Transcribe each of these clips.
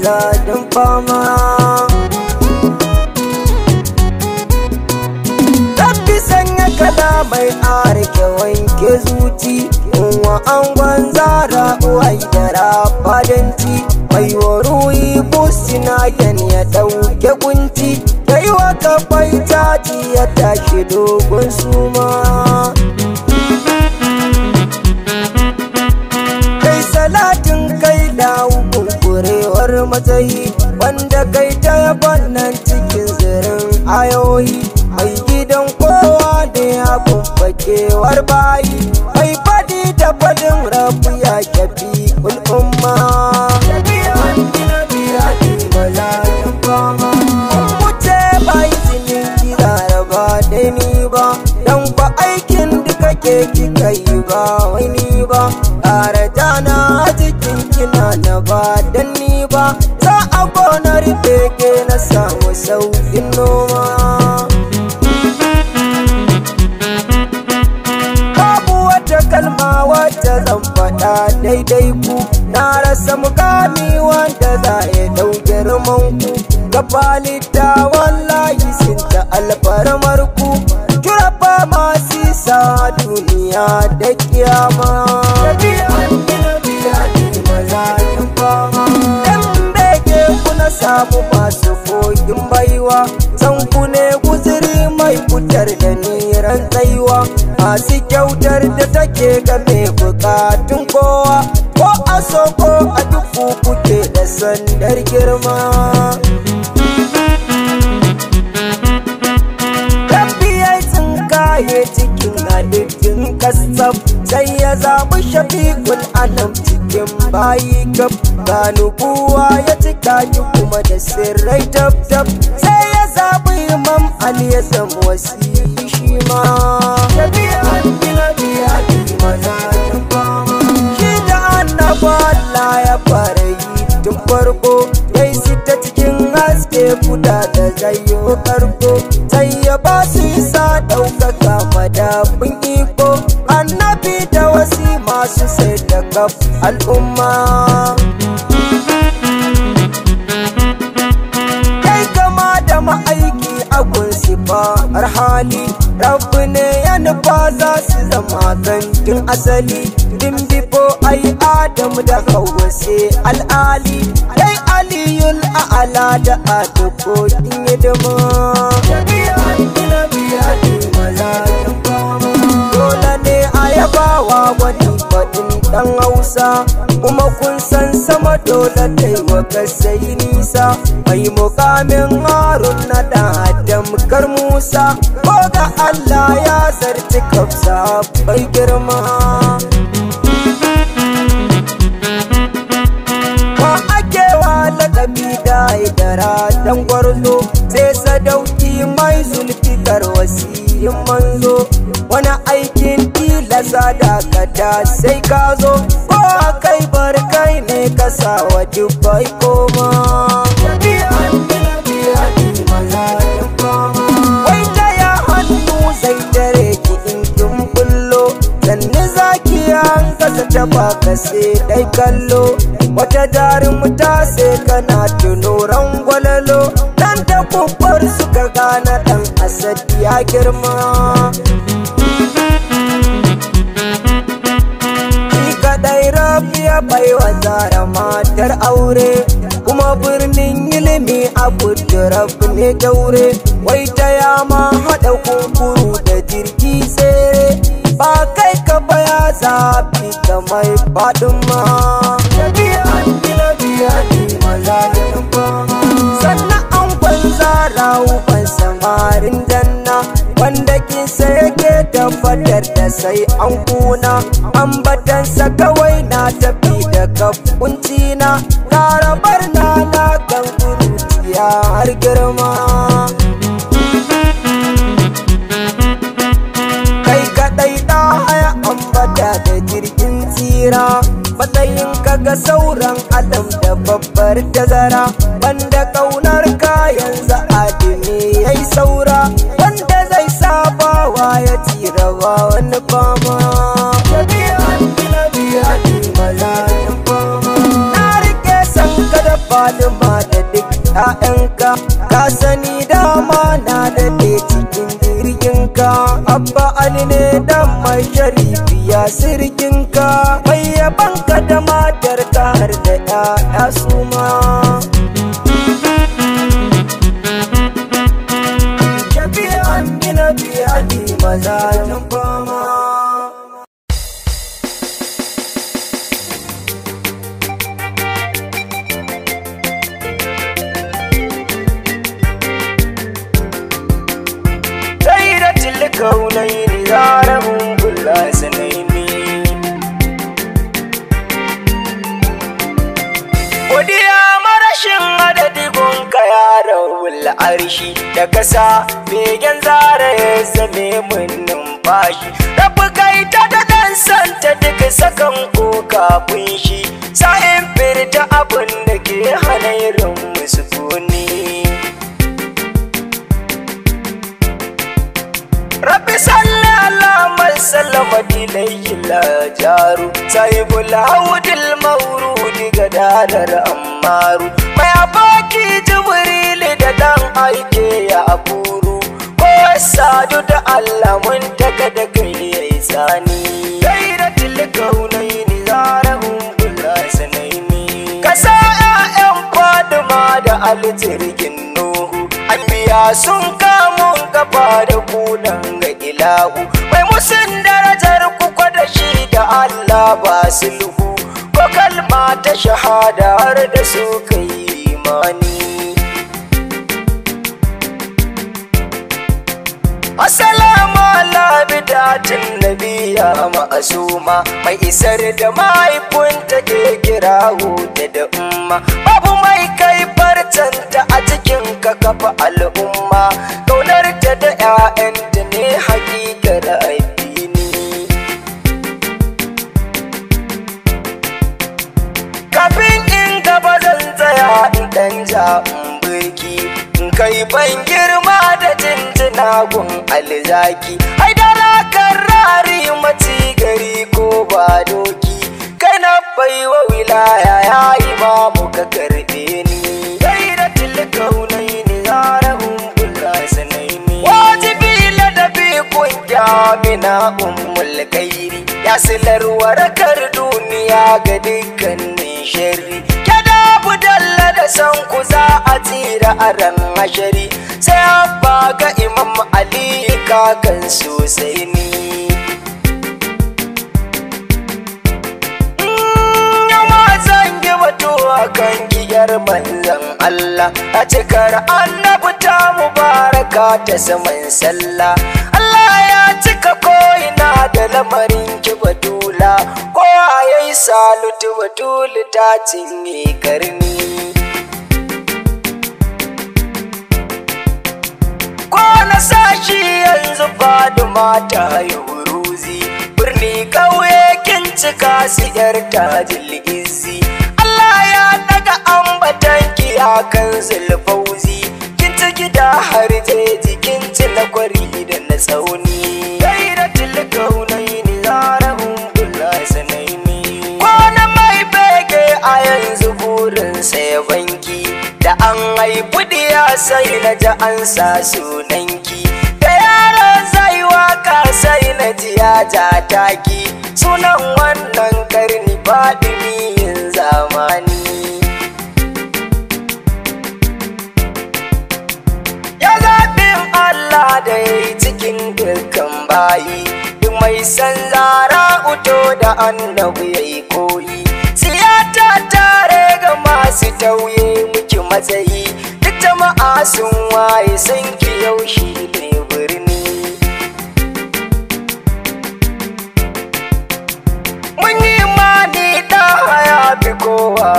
zaɗin fama Tafi sanya kada mai ke wanke zuci Unwa an zara uwai da rafadanci bai ruwi busina yan ya dauke kunci da yi wa taji ya tashi dogon suma kai salatin kai dawo kurewar matsayi wanda kai ta nan cikin zirin ayoyi mai gidan kowa da ya bambakewar bayi mai faɗi da faɗin rabu ya ke kika yi ba wani ba ƙara jana na cikin kina na ba dan ni ba za a gonar ke na samu sauƙin noma kalma wata zan faɗa daidai ku na rasa mukami wanda za ya ɗau girman ku Gabalita wallahi sinta ta alfarmar ku ba ma duniya da kiyama kuna samu masu fogin baiwa zan ne guziri mai kutar da niran tsaiwa masu kyautar da take ga mai bukatun kowa ko a soko a duk kuke da sandar girma kasaf sai ya zaɓi shafiƙul anam cikin bayi gab nubuwa ya cika ni kuma da sirrai dab dab sai ya zaɓi imam ali ya zama wasi shi ma shafi'an bilabi shi da annaba Allah ya fara yi tun farko ya yi cikin haske guda da zayo farko. sai ya ba su isa ɗaukaka madafin iko su sai da kaf al'umma kai kama da ma'aiki a kunsifa hali rabu ne ya nufa za su zama zantin asali dimbifo ai adamu da hawa sai al'ali dai aliyul a'ala da adoko in hidima dole ne a wani dan hausa kuma kun san sama dole taimaka sai nisa mai mukamin harun na da adam kar musa ko ga allah ya zarci kafsa bai girma lakabi da idara dan gwarzo sai sadauki mai zulfikar wasiyin manzo wani aikin ƙasa dakata sai ka zo ko kai bar kai ne ka sa wa dubbai koma wai ya hannu zai dare ki in kin bullo zanni zaki an kasa taba sai dai kallo wata jarin ta sai kana tuno ran gwalalo nan da kubar suka gana dan asad ya girma baiwa zara matar aure kuma birnin ilimi a kuturaf ne daure wai ta yama haɗa kunkuru da jirgi tsere ba kai ka baya zafi ka mai faɗin ma sannan an kwan zara ban samarin janna sa yake da fadar da sai an kuna ambatansa kawai na tafi da kafunci na ƙarabar na fatima da duk ƴaƴanka ka sani dama na da ne cikin jirginka abba ali ne dan mai sharifi ya sirkinka mai yabanka da matarka da kasa begen zara ya zame mun numfashi rabu kai ta da dan santa duk sakan ko kafin shi sa'in firta abin da ke hana irin musukuni rabbi salli ala man sallama ilayhi la jaru sahibul hawdil mawrudi gadarar ammaru mai abaki jibir da dan aike ya aburu ko sadu da Allah mun taka da kai yayi sani gairatul kaunaini zarahum sanai ni kasa ƴaƴan Fatima da Ali jirgin Nuhu anbiya sun kamun gaba da kunan ga ilahu mai musun darajar ku kwada shi da Allah ba sulhu ko kalma ta shahada har da su kai imani ala bidatin nabiya ma'asuma mai isar da mahaifinta ke kira da da umma babu mai kai farcanta a cikin ka kafa al'umma kaunar ta da 'ya'yanta ne hakikar addini kafin in gaba zan tsaya in dan ja'u kai ban girma da jinjinagun gun alzaki ai dara karrari mace gari ko ba doki kai na baiwa wilaya ya yi mu ka karbe ni dai da tilkaunai ni zarahun bulla sanai ni wajibi ladabi kungiya mina ummul kairi ya silar warakar duniya ga dukkanin sharri da san ku za a tsira a ran hashari sai abba ga imam ali kakan sosai ni mm, zan yi wato kan giyar manzan Allah a cikar annabu ta mubaraka ta saman sallah Allah ya cika ko'ina da lamarin ki batula kowa ya yi salutu batulu ta cinye karni shi yanzu faduma ta ruzi birni kauye kin cika su yar tajil izzi Allah ya daga ambatanki a kan zulfauzi kin ci gida har jeji kin ci na kwari da na tsauni na kaunai ni zarahun bulla sanai ni Kona mai bege a yanzu burinsa ya banki da an haifi diya sai na ji an sa sunan daraja taki sunan wannan karni fadimiyin zamani ya zaɓin Allah da ya yi cikin dukkan bayi duk mai san zara uto da annabi ya yi koyi siyata tare ga masu tauye muke matsayi duk jama'a sun waye sun ki yaushe ne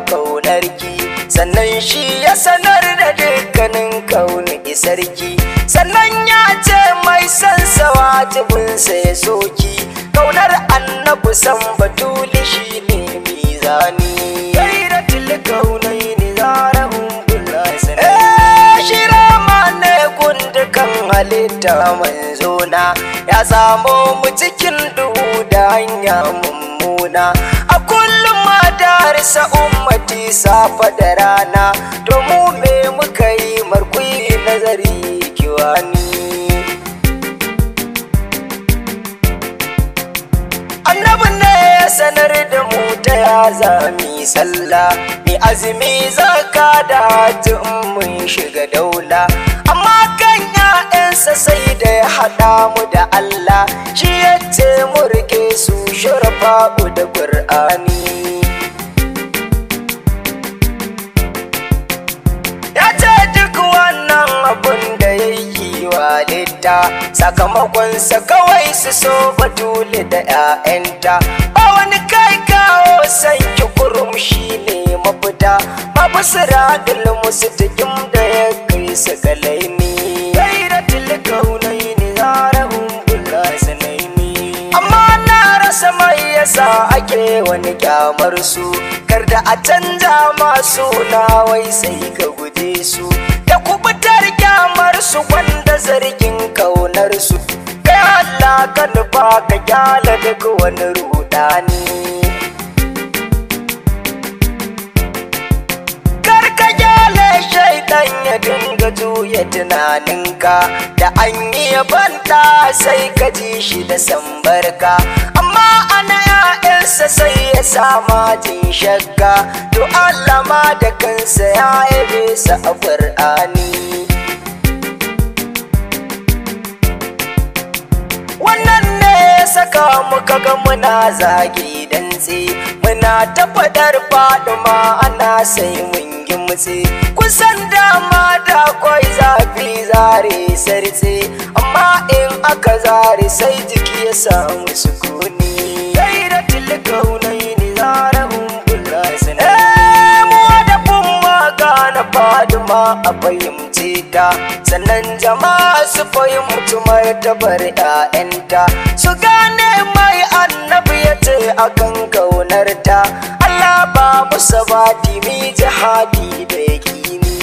kaunarki sannan shi ya sanar da dukkanin kauni sarki sannan ya ce mai san sawa tubinsa ya soki kaunar annabi san batuli shi ne mizani gairatul kaunai ne zara humbula sanai eh, shi rama ne gundukan halitta manzona ya samo mu cikin duhu da hanya mummuna a kullum ma harsa ummati safa da rana to mu me muka yi markui nazari kiwani annabin ne ya sanar da mu ta ya zami sallah mi azumi zaka da mun shiga daula amma kan 'ya'yansa sai da ya haɗa mu da Allah shi yace mu rike su shurfa da Qur'ani ta sakamakonsa kawai su so dole da 'ya'yanta ba wani kai kawo sanki kurum shi ne mafita Ba babu siradil musu tikim da ya kai su galaini yi kaunai ne zarahun bula ni amma na rasa mai yasa ake wani kyamar su kar da a canza masu na wai sai ka guje su da kubutar kyamar su wanda sarkin kaunar su kai Allah ka nufa ka gyala duk wani rudani kar ka gyala shaidan ya dinga juya tunaninka da an yi banta sai ka ji shi da sambarka amma ana ya'yansa sai ya sama jin shakka to Allah ma da kansa ya yabe a Qur'ani saka muka ga muna zagi dantse muna ta fadar faduma ana sai mun gimtse kusan dama da kwai zafi zare sarce amma in aka zare sai jiki ya samu sukuni sai da tilkaunai ni zara umbula sana eh, mu da faduma a fahimta ta sannan jama'a su fahimci tabar 'ya'yanta su gane mai annabi ya ce akan kaunarta Allah ba musa ba dimi jihadi da yakini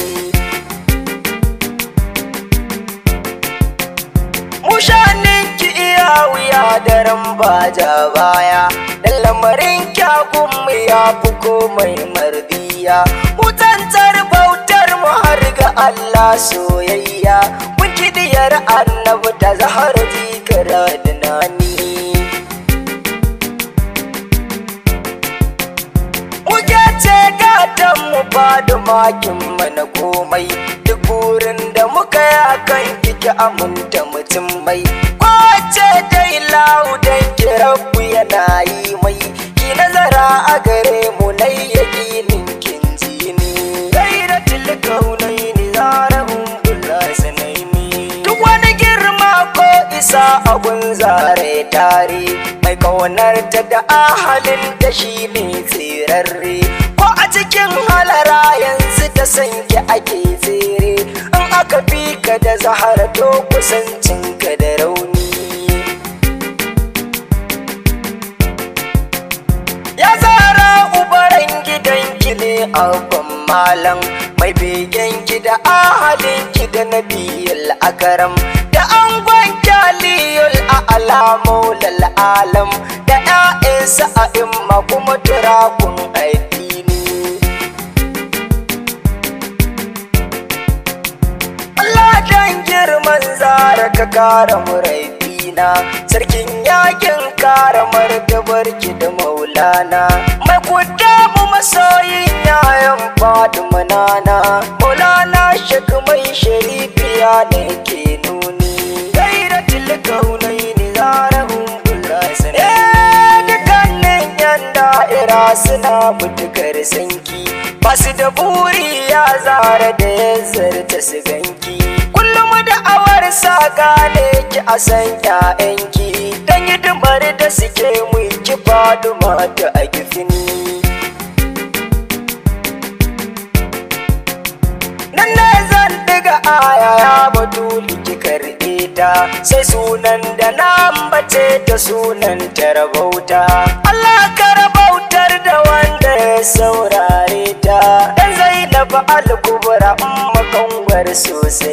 mushanin ki iya wuya daren baja baya da lamarin kyakun mu ya fi komai mardiya mutantar har ga Allah soyayya mun diyar annabi ta zahar zikira dinani Muke ce gatan mu ba da makin mana komai duk wurin da muka ya akan kike amunta mutum mai ko ce dai laudan ki rabu yana yi mai ki nazara a gare mu na duk wani girma ko isa abun zare tare mai ta da ahalin da shi ne tsirarre ko a cikin halara yanzu da sanke ake tsere in aka fi ka da zahara to kusancin ka da rauni ya zara ubaran gidan ki a abin malam mai da ahalin ki da nabiyul akaram da gwanta liyul a alamu alam da ƴaƴansa a imma kuma turakun addini Allah dan girman zara ka kara murai na sarkin yakin kara martabar ki da maulana mai kudamu masoyin yayan fadi manana shek mai sharifiya da ke nuni gaira tilkaunai ni zarahun bulasin eh dukkanin yan da'ira suna mutukar sanki basu da buri ya zara da ya zarta su ganki kullum da awar sa gane ki a san ƴaƴanki dan hidimar da suke mu ki duma mata a gifini nan ga aya ya batuli kika rike ta sai sunan da na ce ta sunan tarbauta, Allah ka da wanda ya saurare ta dan Zainab al-Kubra umma sosai